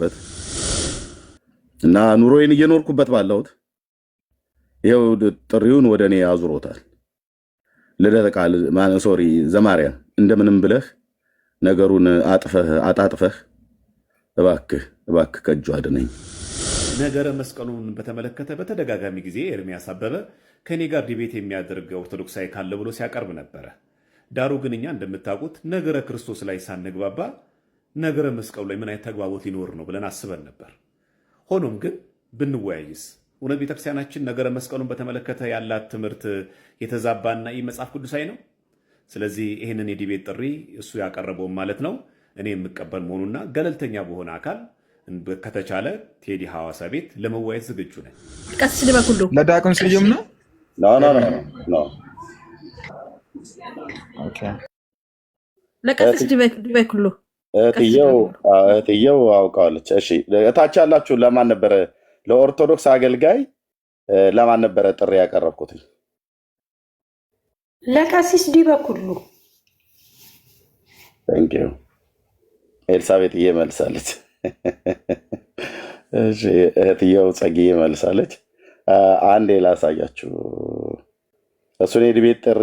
በት እና ኑሮዬን እየኖርኩበት ባለሁት ይኸው ጥሪውን ወደ እኔ አዙሮታል። ልደተ ቃል ሶሪ ዘማርያም እንደምንም ብለህ ነገሩን አጥፈህ አጣጥፈህ እባክህ እባክህ ከእጁ አድነኝ። ነገረ መስቀሉን በተመለከተ በተደጋጋሚ ጊዜ ኤርሚያስ አበበ ከእኔ ጋር ዲቤት የሚያደርግ ኦርቶዶክሳዊ ካለ ብሎ ሲያቀርብ ነበረ። ዳሩ ግን እኛ እንደምታውቁት ነገረ ክርስቶስ ላይ ሳንግባባ ነገረ መስቀሉ ላይ ምን አይነት ተግባቦት ሊኖር ነው ብለን አስበን ነበር። ሆኖም ግን ብንወያይስ እውነት ቤተክርስቲያናችን ነገረ መስቀሉን በተመለከተ ያላት ትምህርት የተዛባና ይህ መጽሐፍ ቅዱሳዊ ነው? ስለዚህ ይህንን የዲቤት ጥሪ እሱ ያቀረበውን ማለት ነው እኔ የምቀበል መሆኑና ገለልተኛ በሆነ አካል ከተቻለ ቴዲ ሐዋሳ ቤት ለመወያየት ዝግጁ ነን። ቀስ ልበኩሉ ለዳቅም ስዩም ነው ለቀስ ድበኩሉ እህትየው አውቀዋለች። እሺ፣ እታች ያላችሁ ለማን ነበረ? ለኦርቶዶክስ አገልጋይ ለማን ነበረ ጥሪ ያቀረብኩት? ለቀሲስ ዲበኩሉ። ቴንክዩ። ኤልሳቤት እዬ መልሳለች። እህትየው ጸጊ መልሳለች። አንዴ ላሳያችሁ እሱን የድቤት ጥሪ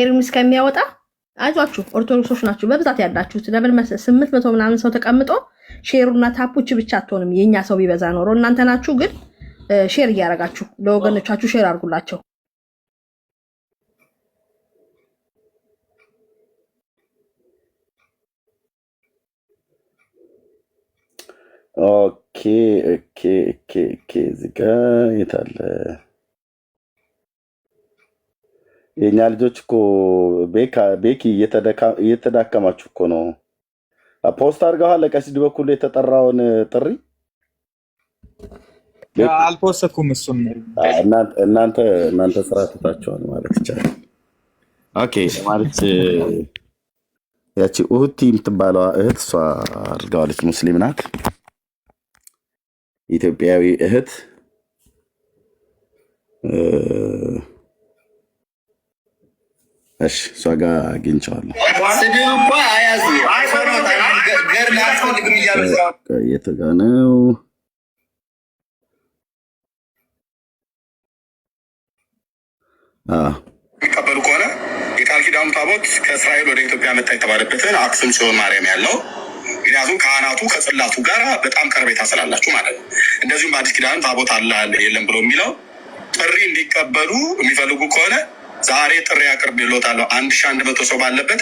ኤርሚስ ከሚያወጣ አይዟችሁ፣ ኦርቶዶክሶች ናችሁ በብዛት ያላችሁት። ለምን ስምንት መቶ ምናምን ሰው ተቀምጦ ሼሩና ታፑች ብቻ አትሆንም። የእኛ ሰው ቢበዛ ኖሮ እናንተ ናችሁ ግን ሼር እያደረጋችሁ ለወገኖቻችሁ ሼር አድርጉላቸው። ኦኬ ኦኬ ኦኬ ኦኬ ኦኬ። እዚህ ጋ የት አለ? የእኛ ልጆች እኮ ቤኪ እየተዳከማችሁ እኮ ነው። ፖስት አድርገዋል። ለቀሲድ በኩል የተጠራውን ጥሪ አልፖስትኩም። እሱም እናንተ ስራ ትታችኋል ማለት ይቻላል። ኦኬ ማለት ያቺ እህቲ የምትባለዋ እህት እሷ አድርገዋለች። ሙስሊም ናት። ኢትዮጵያዊ እህት እሺ እሷ ጋር አግኝቼዋለሁ። የት ጋ ነው? የሚቀበሉ ከሆነ የቃል ኪዳኑ ታቦት ከእስራኤል ወደ ኢትዮጵያ መጣ የተባለበትን አክሱም ጽዮን ማርያም ያለው ምክንያቱም ካህናቱ ከጽላቱ ጋር በጣም ቀርቤታ ስላላችሁ ማለት ነው። እንደዚሁም በአዲስ ኪዳን ታቦት አለ የለም ብሎ የሚለው ጥሪ እንዲቀበሉ የሚፈልጉ ከሆነ ዛሬ ጥሪ አቅርብ ይሎታለሁ። አንድ ሺ አንድ መቶ ሰው ባለበት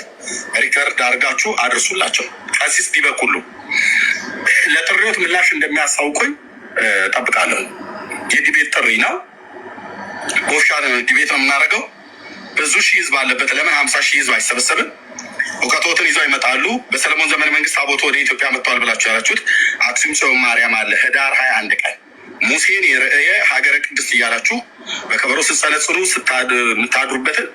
ሪከርድ አድርጋችሁ አድርሱላቸው። ቀሲስ ቢበኩሉ ለጥሪዎት ምላሽ እንደሚያሳውቁኝ ጠብቃለሁ። የዲቤት ጥሪ ነው። ጎሻ ዲቤት ነው የምናደርገው። ብዙ ሺህ ህዝብ አለበት። ለምን ሀምሳ ሺህ ህዝብ አይሰበሰብም? እንከቶትን ይዘው ይመጣሉ። በሰለሞን ዘመነ መንግስት ታቦቱ ወደ ኢትዮጵያ መጥተዋል ብላችሁ ያላችሁት አክሱም ጽዮን ማርያም አለ ህዳር ሀያ አንድ ቀን ሙሴን የርእየ ሀገረ ቅድስት እያላችሁ በከበሮ ስትሰነጽሩ የምታድሩበትን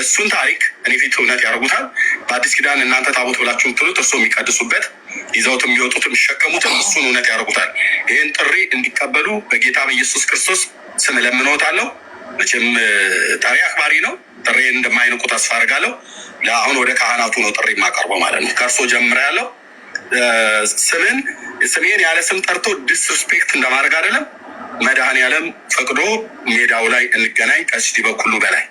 እሱን ታሪክ እኔ ፊት እውነት ያደርጉታል። በአዲስ ኪዳን እናንተ ታቦት ብላችሁ ምትሉት እርሱ የሚቀድሱበት ይዘውትም የሚወጡትም የሚሸከሙትም እሱን እውነት ያደርጉታል። ይህን ጥሪ እንዲቀበሉ በጌታ በኢየሱስ ክርስቶስ ስም መቼም ጠሪ አክባሪ ነው። ጥሪ እንደማይንቁ ተስፋ አድርጋለሁ። አሁን ወደ ካህናቱ ነው ጥሪ የማቀርበው ማለት ነው። ከእርሶ ጀምረ ያለው ስምን ስሜን ያለ ስም ጠርቶ ዲስሪስፔክት እንደማድረግ አይደለም። መድኃኔ ዓለም ፈቅዶ ሜዳው ላይ እንገናኝ። ቀሲስ በኩሉ በላይ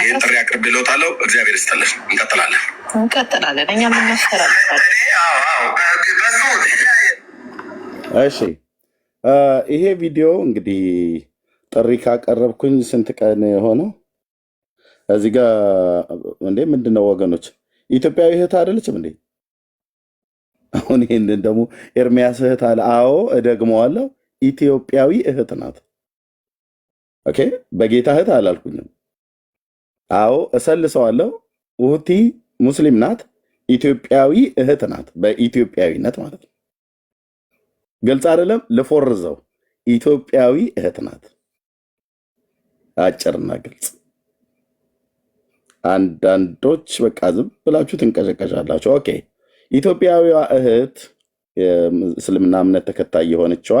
ይህን ጥሪ አቅርቤልዎታለሁ። እግዚአብሔር ይስጥልን። እንቀጥላለን እንቀጥላለን። እኛ እሺ፣ ይሄ ቪዲዮ እንግዲህ ጥሪ ካቀረብኩኝ ስንት ቀን የሆነው? እዚህ ጋር እንዴ ምንድን ነው ወገኖች፣ ኢትዮጵያዊ እህት አይደለችም እንዴ? አሁን ይህንን ደግሞ ኤርሚያስ እህት አለ። አዎ እደግመዋለሁ፣ ኢትዮጵያዊ እህት ናት። ኦኬ፣ በጌታ እህት አላልኩኝም። አዎ እሰልሰዋለሁ፣ ውህቲ ሙስሊም ናት፣ ኢትዮጵያዊ እህት ናት። በኢትዮጵያዊነት ማለት ነው። ግልጽ አይደለም፣ ልፎርዘው፣ ኢትዮጵያዊ እህት ናት። አጭርና ግልጽ። አንዳንዶች በቃ ዝም ብላችሁ ትንቀዠቀዣላችሁ። ኦኬ፣ ኢትዮጵያዊዋ እህት የእስልምና እምነት ተከታይ የሆነችዋ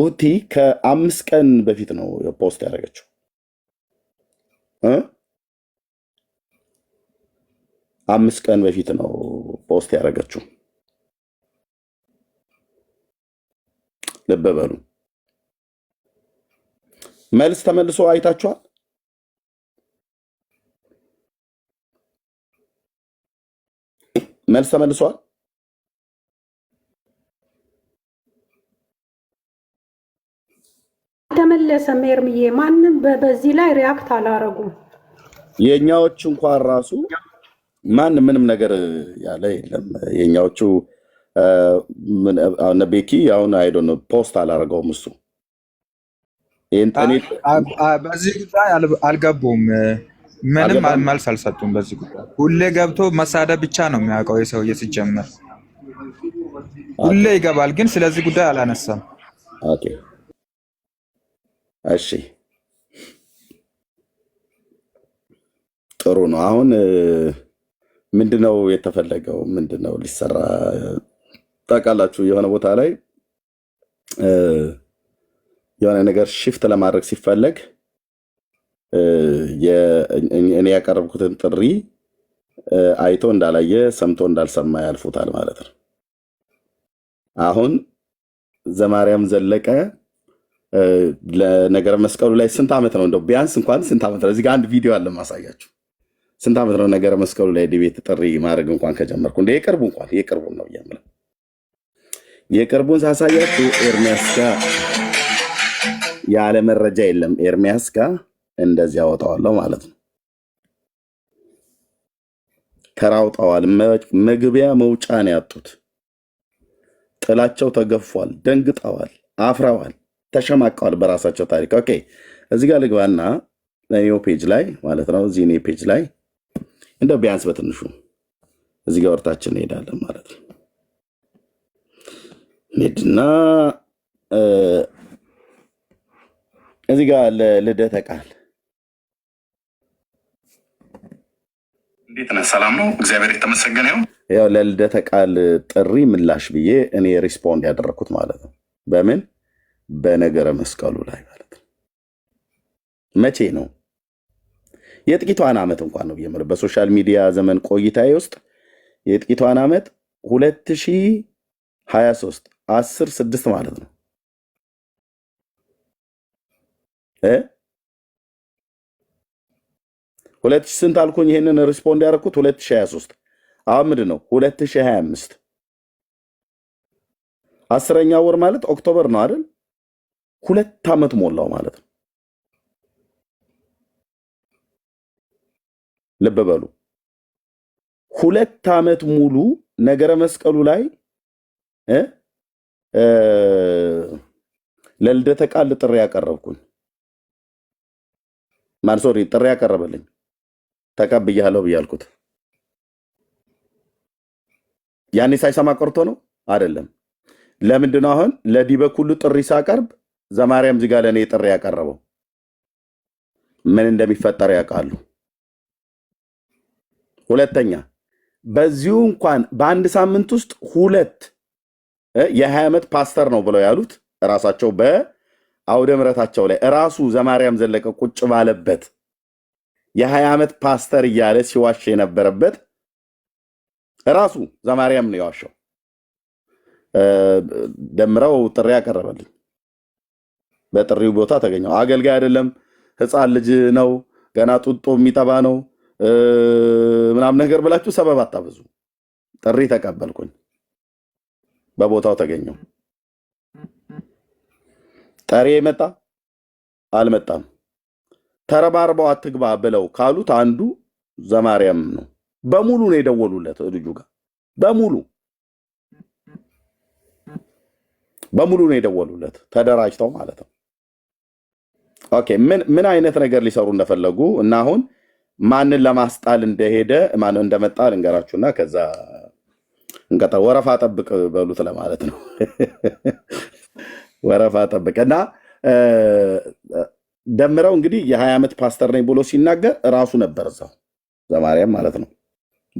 ኡቲ ከአምስት ቀን በፊት ነው ፖስት ያደረገችው። አምስት ቀን በፊት ነው ፖስት ያደረገችው። ልብ በሉ። መልስ ተመልሶ አይታችኋል። መልስ ተመልሷል። ተመለሰ ሜርምዬ ማንም በዚህ ላይ ሪያክት አላረጉም። የእኛዎች እንኳን ራሱ ማን ምንም ነገር ያለ የለም። የእኛዎቹ ቤኪ አሁን አይዶ ፖስት አላረገውም እሱ በዚህ ጉዳይ አልገቡም። ምንም መልስ አልሰጡም። በዚህ ጉዳይ ሁሌ ገብቶ መሳደብ ብቻ ነው የሚያውቀው የሰውዬ ሲጀመር ሁሌ ይገባል፣ ግን ስለዚህ ጉዳይ አላነሳም። እሺ ጥሩ ነው። አሁን ምንድነው የተፈለገው? ምንድነው ሊሰራ ጠቃላችሁ የሆነ ቦታ ላይ የሆነ ነገር ሽፍት ለማድረግ ሲፈለግ እኔ ያቀረብኩትን ጥሪ አይቶ እንዳላየ ሰምቶ እንዳልሰማ ያልፉታል ማለት ነው። አሁን ዘማርያም ዘለቀ ለነገረ መስቀሉ ላይ ስንት ዓመት ነው እንደው ቢያንስ እንኳን ስንት ዓመት ነው? እዚህ ጋር አንድ ቪዲዮ አለ ማሳያችሁ። ስንት ዓመት ነው ነገረ መስቀሉ ላይ ዲቤት ጥሪ ማድረግ እንኳን ከጀመርኩ እንደ የቅርቡ እንኳን የቅርቡን ነው እያምለ የቅርቡን ሳሳያችሁ ኤርሚያስ ጋር ያለ መረጃ የለም። ኤርሚያስ ጋ እንደዚህ አወጣዋለሁ ማለት ነው። ተራውጠዋል። መግቢያ መውጫ ነው ያጡት። ጥላቸው ተገፏል። ደንግጠዋል፣ አፍረዋል፣ ተሸማቀዋል በራሳቸው ታሪክ። ኦኬ እዚህ ጋር ልግባና ፔጅ ላይ ማለት ነው እዚህ እኔ ፔጅ ላይ እንደው ቢያንስ በትንሹ እዚህ ጋር ወርታችን እንሄዳለን ማለት ነው ሄድና እዚህ ጋር ልደተ ቃል እንዴት ነህ? ሰላም ነው፣ እግዚአብሔር የተመሰገነ ይሁን። ያው ለልደተ ቃል ጥሪ ምላሽ ብዬ እኔ ሪስፖንድ ያደረግኩት ማለት ነው። በምን በነገረ መስቀሉ ላይ ማለት ነው። መቼ ነው የጥቂቷን ዓመት እንኳን ነው ብዬ በሶሻል ሚዲያ ዘመን ቆይታዬ ውስጥ የጥቂቷን ዓመት 2023 አስር ስድስት ማለት ነው ሁለት ሺህ ስንት አልኩኝ? ይሄንን ሪስፖንድ ያደረኩት 2023 አሁን ምንድን ነው 2025 አስረኛ ወር ማለት ኦክቶበር ነው አይደል? ሁለት አመት ሞላው ማለት ነው። ልብ ሁለት አመት ሙሉ ነገረ መስቀሉ ላይ ለልደተ ቃል ጥሪ ያቀረብኩኝ ማንሶሪ ጥሪ ያቀረበልኝ ተቀብያለሁ ብያልኩት ያኔ ሳይሰማ ቆርቶ ነው አይደለም። ለምንድነው አሁን ለዲበኩሉ ጥሪ ሳቀርብ ዘማርያም ዚጋ ለእኔ ጥሪ ያቀረበው? ምን እንደሚፈጠር ያውቃሉ። ሁለተኛ በዚሁ እንኳን በአንድ ሳምንት ውስጥ ሁለት የሀያ ዓመት ፓስተር ነው ብለው ያሉት እራሳቸው በ አውደ ምረታቸው ላይ እራሱ ዘማርያም ዘለቀ ቁጭ ባለበት የሀያ ዓመት ፓስተር እያለ ሲዋሽ የነበረበት እራሱ ዘማርያም ነው የዋሸው። ደምረው ጥሪ ያቀረበልኝ በጥሪው ቦታ ተገኘው። አገልጋይ አይደለም ህፃን ልጅ ነው ገና ጡጦ የሚጠባ ነው ምናምን ነገር ብላችሁ ሰበብ አታብዙ። ጥሪ ተቀበልኩኝ፣ በቦታው ተገኘው። ጠሬ መጣ አልመጣም ተረባርበው አትግባ ብለው ካሉት አንዱ ዘማርያም ነው። በሙሉ ነው የደወሉለት ልጁ ጋር በሙሉ በሙሉ ነው የደወሉለት ተደራጅተው ማለት ነው። ኦኬ ምን ምን አይነት ነገር ሊሰሩ እንደፈለጉ እና አሁን ማንን ለማስጣል እንደሄደ ማን እንደመጣ ልንገራችሁና ከዛ እንቀጣ ወረፋ ጠብቅ በሉት ለማለት ነው። ወረፋ ጠብቀ እና ደምረው እንግዲህ የሀያ ዓመት ፓስተር ነኝ ብሎ ሲናገር እራሱ ነበር እዛው ዘማርያም ማለት ነው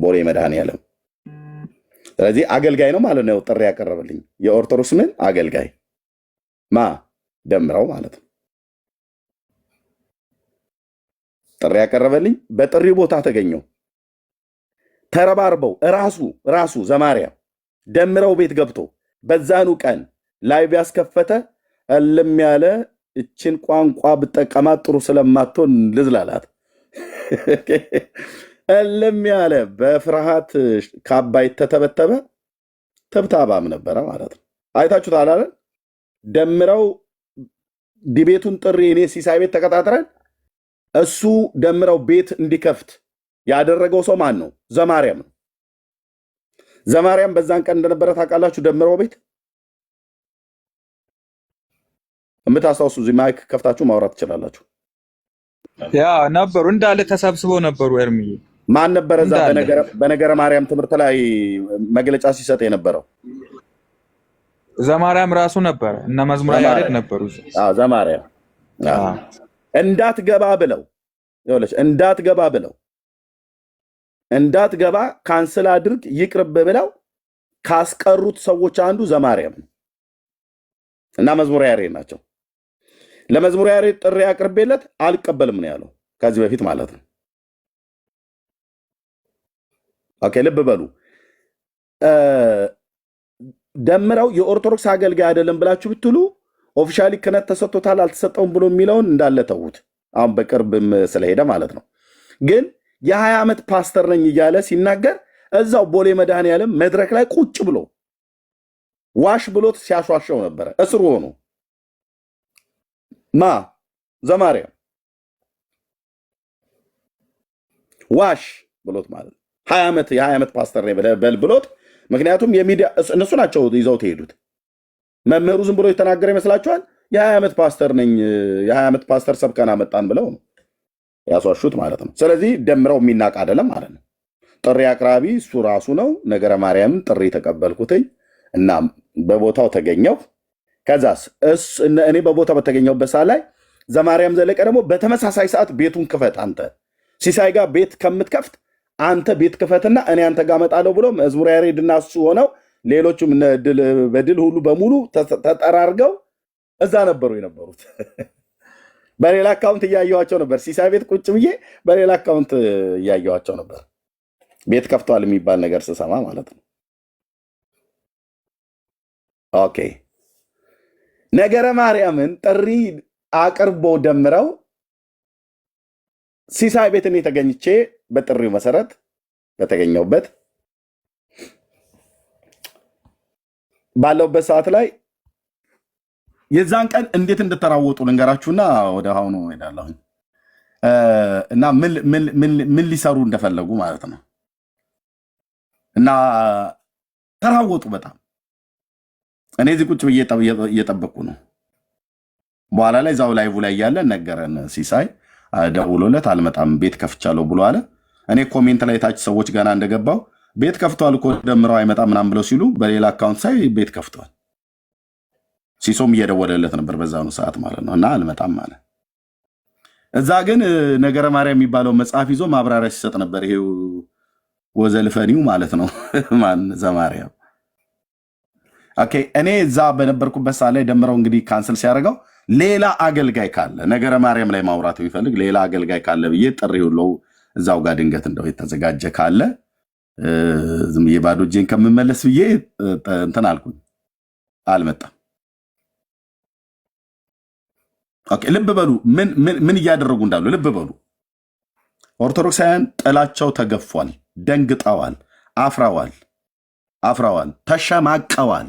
ቦሌ መድኃኔዓለም። ስለዚህ አገልጋይ ነው ማለት ነው ጥሪ ያቀረበልኝ የኦርቶዶክስ ምን አገልጋይ ማ ደምረው ማለት ነው ጥሪ ያቀረበልኝ። በጥሪው ቦታ ተገኘው ተረባርበው ራሱ ራሱ ዘማርያም ደምረው ቤት ገብቶ በዛኑ ቀን ላይ ያስከፈተ እልም ያለ እችን ቋንቋ ብጠቀማት ጥሩ ስለማትሆን ልዝላላት። እልም ያለ በፍርሃት ካባይ ተተበተበ ተብታባም ነበረ ማለት ነው። አይታችሁት አላለን ደምረው ዲቤቱን ጥሪ እኔ ሲሳይ ቤት ተቀጣጥረን እሱ ደምረው ቤት እንዲከፍት ያደረገው ሰው ማን ነው? ዘማርያም ነው። ዘማርያም በዛን ቀን እንደነበረ ታውቃላችሁ። ደምረው ቤት የምታስታውሱ እዚህ ማይክ ከፍታችሁ ማውራት ትችላላችሁ። ያ ነበሩ እንዳለ ተሰብስበው ነበሩ። ኤርሚዬ ማን ነበረ እዛ በነገረ ማርያም ትምህርት ላይ መግለጫ ሲሰጥ የነበረው? ዘማርያም ራሱ ነበረ እነ መዝሙረ ያሬድ ነበሩ። ዘማርያም እንዳትገባ ብለው እንዳትገባ ብለው እንዳትገባ ካንስል አድርግ ይቅርብ ብለው ካስቀሩት ሰዎች አንዱ ዘማርያም ነው እና መዝሙረ ያሬድ ናቸው። ለመዝሙር ያሬድ ጥሪ አቅርቤለት አልቀበልም ነው ያለው። ከዚህ በፊት ማለት ነው። ኦኬ ልብ በሉ። ደምረው የኦርቶዶክስ አገልጋይ አይደለም ብላችሁ ብትሉ ኦፊሻሊ ክህነት ተሰጥቶታል አልተሰጠውም ብሎ የሚለውን እንዳለ ተዉት። አሁን በቅርብም ስለሄደ ማለት ነው። ግን የሀያ ዓመት ፓስተር ነኝ እያለ ሲናገር እዛው ቦሌ መድኃኔዓለም መድረክ ላይ ቁጭ ብሎ ዋሽ ብሎት ሲያሿሸው ነበረ። እስሩ ሆኖ ማ ዘማርያም ዋሽ ብሎት ማለት ነው። ሀያ ዓመት የሀያ ዓመት ፓስተር በል ብሎት። ምክንያቱም የሚዲያ እነሱ ናቸው ይዘውት የሄዱት። መምህሩ ዝም ብሎ የተናገረ ይመስላችኋል? የሀያ ዓመት ፓስተር ነኝ፣ የሀያ ዓመት ፓስተር ሰብከን አመጣን ብለው ነው ያስዋሹት ማለት ነው። ስለዚህ ደምረው የሚናቅ አይደለም ማለት ነው። ጥሪ አቅራቢ እሱ ራሱ ነው። ነገረ ማርያምን ጥሪ ተቀበልኩትኝ እና በቦታው ተገኘው። ከዛስ እኔ በቦታ በተገኘሁበት ሰዓት ላይ ዘማርያም ዘለቀ ደግሞ በተመሳሳይ ሰዓት ቤቱን ክፈት አንተ ሲሳይ ጋር ቤት ከምትከፍት አንተ ቤት ክፈትና እኔ አንተ ጋር መጣለው ብሎ መዝሙር ያሬድና እሱ ሆነው ሌሎቹም በድል ሁሉ በሙሉ ተጠራርገው እዛ ነበሩ የነበሩት። በሌላ አካውንት እያየኋቸው ነበር። ሲሳይ ቤት ቁጭ ብዬ በሌላ አካውንት እያየኋቸው ነበር። ቤት ከፍቷል የሚባል ነገር ስሰማ ማለት ነው። ኦኬ ነገረ ማርያምን ጥሪ አቅርቦ ደምረው ሲሳይ ቤት እኔ ተገኝቼ በጥሪው መሰረት በተገኘውበት ባለውበት ሰዓት ላይ የዛን ቀን እንዴት እንደተራወጡ ልንገራችሁና ወደ አሁኑ ሄዳለሁኝ እና ምን ሊሰሩ እንደፈለጉ ማለት ነው። እና ተራወጡ በጣም እኔ እዚህ ቁጭ ብዬ እየጠበቅኩ ነው። በኋላ ላይ እዛው ላይቭ ላይ እያለ ነገረን። ሲሳይ ደውሎለት አልመጣም ቤት ከፍቻለሁ ብሎ አለ። እኔ ኮሜንት ላይ ታች ሰዎች ገና እንደገባው ቤት ከፍቷል እኮ ደምረው አይመጣም ምናምን ብለው ሲሉ በሌላ አካውንት ሳይ ቤት ከፍቷል። ሲሶም እየደወለለት ነበር በዛኑ ሰዓት ማለት ነው። እና አልመጣም አለ። እዛ ግን ነገረ ማርያም የሚባለው መጽሐፍ ይዞ ማብራሪያ ሲሰጥ ነበር። ይሄው ወዘልፈኒው ማለት ነው ማን ዘማርያም እኔ እዛ በነበርኩበት ሰዓት ላይ ደምረው እንግዲህ ካንስል ሲያደርገው ሌላ አገልጋይ ካለ ነገረ ማርያም ላይ ማውራት የሚፈልግ ሌላ አገልጋይ ካለ ብዬ ጥሪ ሁሎ እዛው ጋር ድንገት እንደው የተዘጋጀ ካለ ዝም ብዬ ባዶ እጄን ከምመለስ ብዬ እንትን አልኩኝ። አልመጣም። ልብ በሉ ምን እያደረጉ እንዳሉ ልብ በሉ። ኦርቶዶክሳውያን ጥላቸው ተገፏል፣ ደንግጠዋል፣ አፍረዋል አፍረዋል፣ ተሸማቀዋል።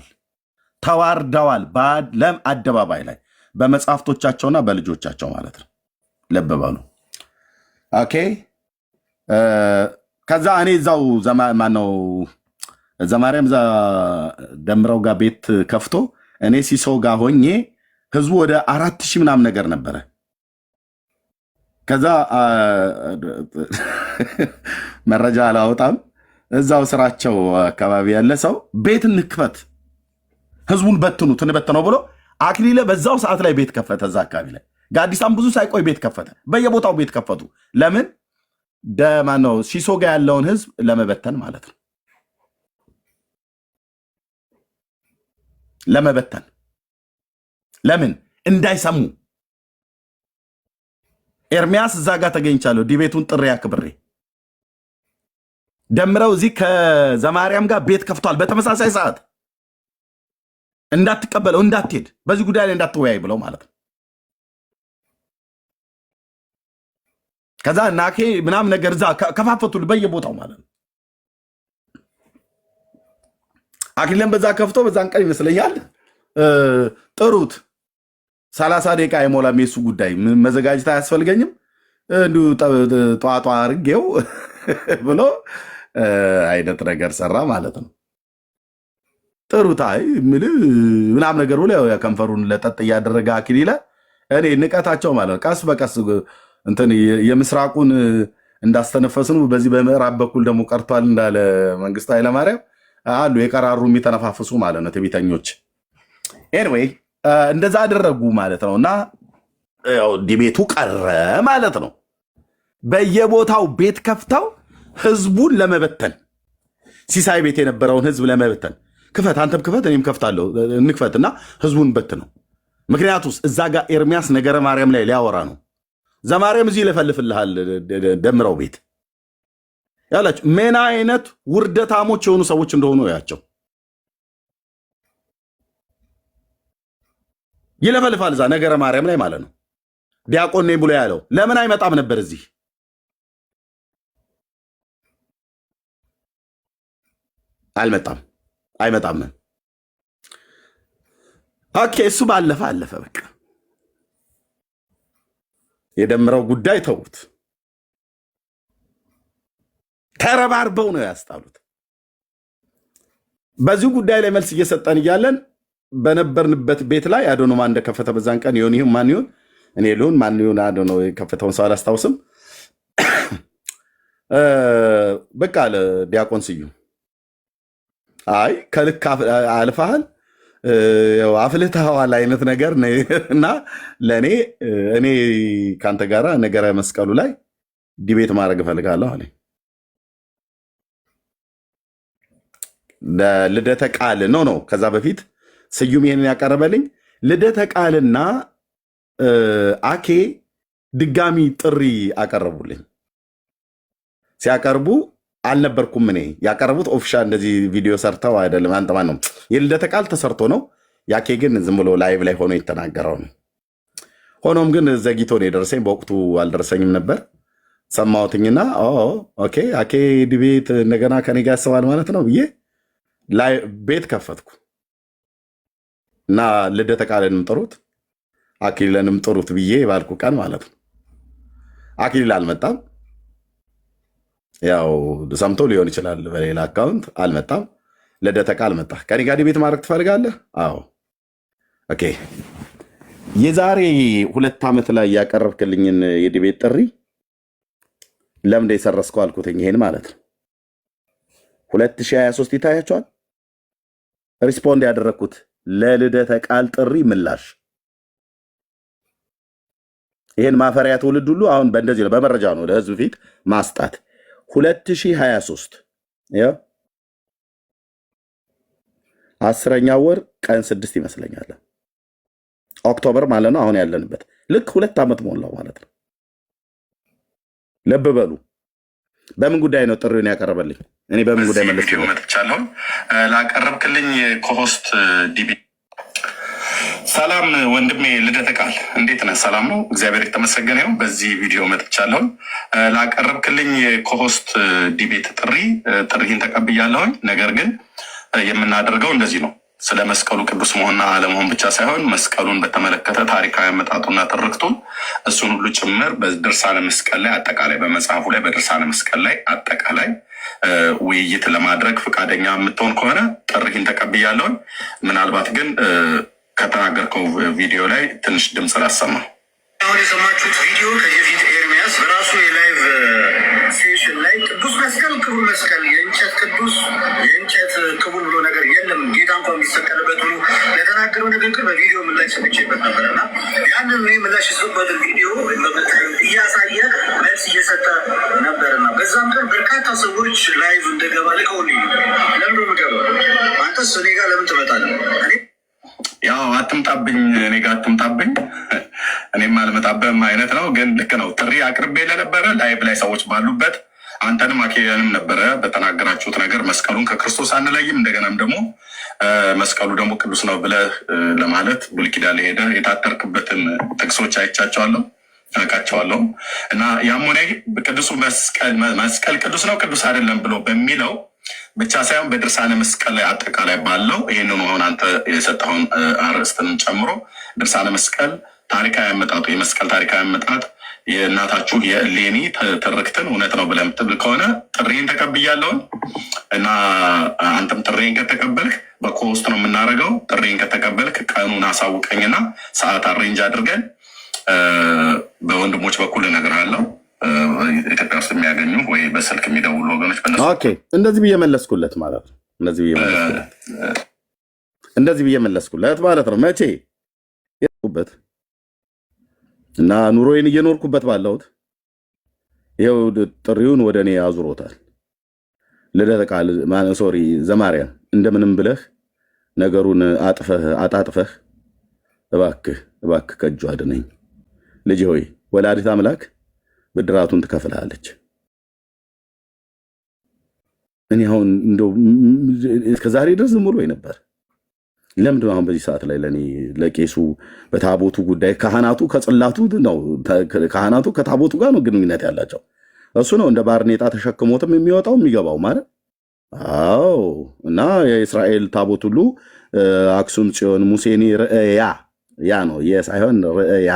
ተዋርደዋል። በዓለም አደባባይ ላይ በመጽሐፍቶቻቸውና በልጆቻቸው ማለት ነው። ልብ በሉ። ኦኬ። ከዛ እኔ እዛው ማነው ዘማርያም ደምረው ጋር ቤት ከፍቶ እኔ ሲሶ ጋር ሆኜ ህዝቡ ወደ አራት ሺህ ምናምን ነገር ነበረ። ከዛ መረጃ አላወጣም። እዛው ስራቸው አካባቢ ያለ ሰው ቤት እንክፈት ህዝቡን በትኑ ትንበትነው ብሎ አክሊለ በዛው ሰዓት ላይ ቤት ከፈተ። እዛ አካባቢ ላይ ጋዲሳም ብዙ ሳይቆይ ቤት ከፈተ። በየቦታው ቤት ከፈቱ። ለምን ደማነው ሲሶ ጋ ያለውን ህዝብ ለመበተን ማለት ነው። ለመበተን ለምን እንዳይሰሙ ኤርሚያስ እዛ ጋር ተገኝቻለሁ። ዲቤቱን ጥሪ አክብሬ ደምረው እዚህ ከዘማርያም ጋር ቤት ከፍቷል በተመሳሳይ ሰዓት እንዳትቀበለው እንዳትሄድ በዚህ ጉዳይ ላይ እንዳትወያይ ብለው ማለት ነው። ከዛ ናኬ ምናም ነገር እዛ ከፋፈቱል በየቦታው ማለት ነው። አኪለን በዛ ከፍቶ በዛን ቀን ይመስለኛል ጥሩት ሰላሳ ደቂቃ አይሞላም። የሱ ጉዳይ መዘጋጀት አያስፈልገኝም እንዲሁ ጠዋጧ አርጌው ብሎ አይነት ነገር ሰራ ማለት ነው። ጥሩ አይ ምል ምናም ነገር ብሎ ከንፈሩን ለጠጥ እያደረገ ይለ እኔ ንቀታቸው ማለት ነው። ቀስ በቀስ እንትን የምስራቁን እንዳስተነፈስን በዚህ በምዕራብ በኩል ደግሞ ቀርቷል እንዳለ መንግስቱ ኃይለማርያም አሉ የቀራሩ የሚተነፋፍሱ ማለት ነው ትዕቢተኞች። ኤንዌይ እንደዛ አደረጉ ማለት ነው እና ዲቤቱ ቀረ ማለት ነው። በየቦታው ቤት ከፍተው ህዝቡን ለመበተን ሲሳይ ቤት የነበረውን ህዝብ ለመበተን ክፈት፣ አንተም ክፈት፣ እኔም ከፍታለሁ። እንክፈት እና ህዝቡን በት ነው። ምክንያቱስ እዛ ጋር ኤርሚያስ ነገረ ማርያም ላይ ሊያወራ ነው። ዘማርያም እዚህ ይለፈልፍልሃል። ደምረው ቤት ያላቸው ምን አይነት ውርደታሞች የሆኑ ሰዎች እንደሆኑ ያቸው ይለፈልፋል። እዛ ነገረ ማርያም ላይ ማለት ነው። ዲያቆን ነኝ ብሎ ያለው ለምን አይመጣም ነበር እዚህ? አልመጣም። አይመጣም። ኦኬ እሱ ባለፈ አለፈ። በቃ የደምረው ጉዳይ ተውት። ተረባርበው ነው ያስጣሉት። በዚሁ ጉዳይ ላይ መልስ እየሰጠን እያለን በነበርንበት ቤት ላይ አዶኖ ማን እንደከፈተ በዛን ቀን ይሁን ይሁን ማን ይሁን እኔ ልሁን ማን ይሁን አዶኖ የከፈተውን ሰው አላስታውስም። በቃ ዲያቆን ስዩ አይ ከልክ አልፋሃል አፍልተዋል አይነት ነገር እና ለእኔ እኔ ከአንተ ጋር ነገረ መስቀሉ ላይ ዲቤት ማድረግ እፈልጋለሁ አለ። ልደተ ቃል ኖ ኖ ከዛ በፊት ስዩም ይህንን ያቀረበልኝ ልደተ ቃልና አኬ ድጋሚ ጥሪ አቀረቡልኝ ሲያቀርቡ አልነበርኩም እኔ ያቀረቡት ኦፊሻል እንደዚህ ቪዲዮ ሰርተው አይደለም። አንጠማ ነው የልደተ ቃል ተሰርቶ ነው። ያኬ ግን ዝም ብሎ ላይቭ ላይ ሆኖ የተናገረው ነው። ሆኖም ግን ዘግይቶ ነው የደረሰኝ። በወቅቱ አልደረሰኝም ነበር። ሰማሁትኝና ኦኬ ያኬ ድቤት እንደገና ከኔ ጋር ያስባል ማለት ነው ብዬ ቤት ከፈትኩ እና ልደተ ቃልንም ጥሩት አክሊለንም ጥሩት ብዬ ባልኩ ቀን ማለት ነው አክሊል አልመጣም። ያው ሰምቶ ሊሆን ይችላል። በሌላ አካውንት አልመጣም። ልደተ ቃል መጣ። ከኔ ጋር ቤት ማድረግ ትፈልጋለህ? አዎ። ኦኬ። የዛሬ ሁለት ዓመት ላይ ያቀረብክልኝን የዲቤት ጥሪ ለምንደ የሰረስከው አልኩትኝ። ይሄን ማለት ነው 2023 ይታያቸዋል። ሪስፖንድ ያደረግኩት ለልደተ ቃል ጥሪ ምላሽ ይሄን ማፈሪያ ትውልድ ሁሉ አሁን በእንደዚህ ነው፣ በመረጃ ነው ለህዝብ ፊት ማስጣት 2023 አስረኛ ወር ቀን ስድስት ይመስለኛል ኦክቶበር ማለት ነው። አሁን ያለንበት ልክ ሁለት ዓመት ሞላው ማለት ነው። ልብ በሉ። በምን ጉዳይ ነው ጥሪውን ያቀረበልኝ? እኔ በምን ጉዳይ መለስ መጥቻለሁ። ላቀረብክልኝ ኮሆስት ዲቢ ሰላም ወንድሜ ልደተ ቃል እንዴት ነህ? ሰላም ነው፣ እግዚአብሔር የተመሰገነ ይሁን። በዚህ ቪዲዮ መጥቻለሁኝ። ላቀረብክልኝ የኮሆስት ዲቤት ጥሪ ጥሪህን ተቀብያለሁኝ። ነገር ግን የምናደርገው እንደዚህ ነው። ስለ መስቀሉ ቅዱስ መሆንና አለመሆን ብቻ ሳይሆን መስቀሉን በተመለከተ ታሪካዊ አመጣጡና ትርክቱን እሱን ሁሉ ጭምር በድርሳነ መስቀል ላይ አጠቃላይ በመጽሐፉ ላይ በድርሳነ መስቀል ላይ አጠቃላይ ውይይት ለማድረግ ፈቃደኛ የምትሆን ከሆነ ጥሪህን ተቀብያለሁኝ። ምናልባት ግን ከተናገርከው ቪዲዮ ላይ ትንሽ ድምፅ ላሰማ። አሁን የሰማችሁት ቪዲዮ ከየፊት ኤርሚያስ በራሱ የላይቭ ሴሽን ላይ ቅዱስ መስቀል ክቡር መስቀል የእንጨት ቅዱስ የእንጨት ክቡር ብሎ ነገር የለም ጌታ እንኳ የሚሰቀልበት ብሎ ለተናገረው ነገር ግን በቪዲዮ ምላሽ ሰምቼበት ነበር እና ያንን ምላሽ የሰጡበትን ቪዲዮ እያሳየ መልስ እየሰጠ ነበር እና በዛም ቀን በርካታ ሰዎች ላይቭ እንደገባ ልቀው ለምዶ ምገባ አንተስ እኔ ጋር ለምን ትመጣለህ? ያው አትምጣብኝ፣ እኔ ጋር አትምጣብኝ፣ እኔም አልመጣብህም አይነት ነው። ግን ልክ ነው። ጥሪ አቅርቤ ለነበረ ላይቭ ላይ ሰዎች ባሉበት አንተንም አኬያንም ነበረ በተናገራችሁት ነገር መስቀሉን ከክርስቶስ አንለይም፣ እንደገናም ደግሞ መስቀሉ ደግሞ ቅዱስ ነው ብለህ ለማለት ብሉይ ሄደ የታተርክበትን ጥቅሶች አይቻቸዋለሁ አውቃቸዋለሁ እና ያም ሆነ ቅዱሱ መስቀል ቅዱስ ነው ቅዱስ አይደለም ብሎ በሚለው ብቻ ሳይሆን በድርሳነ መስቀል ላይ አጠቃላይ ባለው ይህንን አሁን አንተ የሰጠውን አርዕስትንም ጨምሮ ድርሳነ መስቀል ታሪካዊ አመጣጡ የመስቀል ታሪካዊ አመጣጥ የእናታችሁ የእሌኒ ትርክትን እውነት ነው ብለህ የምትብል ከሆነ ጥሪን ተቀብያለውን እና አንተም ጥሬን ከተቀበልክ በኮስት ነው የምናደርገው። ጥሬን ከተቀበልክ ቀኑን አሳውቀኝና ሰዓት አሬንጅ አድርገን በወንድሞች በኩል እነግርሃለሁ። ኢትዮጵያ ውስጥ የሚያገኙ ወይ በስልክ የሚደውሉ ወገኖች ኦኬ፣ እንደዚህ ብዬ መለስኩለት ማለት ነው። እንደዚህ ብዬ መለስኩለት እንደዚህ ብዬ መለስኩለት ማለት ነው። መቼ በት እና ኑሮዬን እየኖርኩበት ባለሁት ይኸው ጥሪውን ወደ እኔ አዙሮታል። ልደተ ቃል ሶሪ ዘማርያም እንደምንም ብለህ ነገሩን አጥፈህ አጣጥፈህ እባክህ እባክህ ከእጁ አድነኝ ልጅ ሆይ ወላዲት አምላክ ብድራቱን ትከፍልሃለች። እኔ አሁን እንደው እስከዛሬ ድረስ ዝም ብሎ ነበር። ለምንድን ነው አሁን በዚህ ሰዓት ላይ ለእኔ ለቄሱ በታቦቱ ጉዳይ ካህናቱ ከጽላቱ ነው ካህናቱ ከታቦቱ ጋር ነው ግንኙነት ያላቸው። እሱ ነው እንደ ባርኔጣ ተሸክሞትም የሚወጣው የሚገባው ማለት አዎ። እና የእስራኤል ታቦት ሁሉ አክሱም ጽዮን ሙሴኒ ርእያ ያ ነው የሳይሆን ርእያ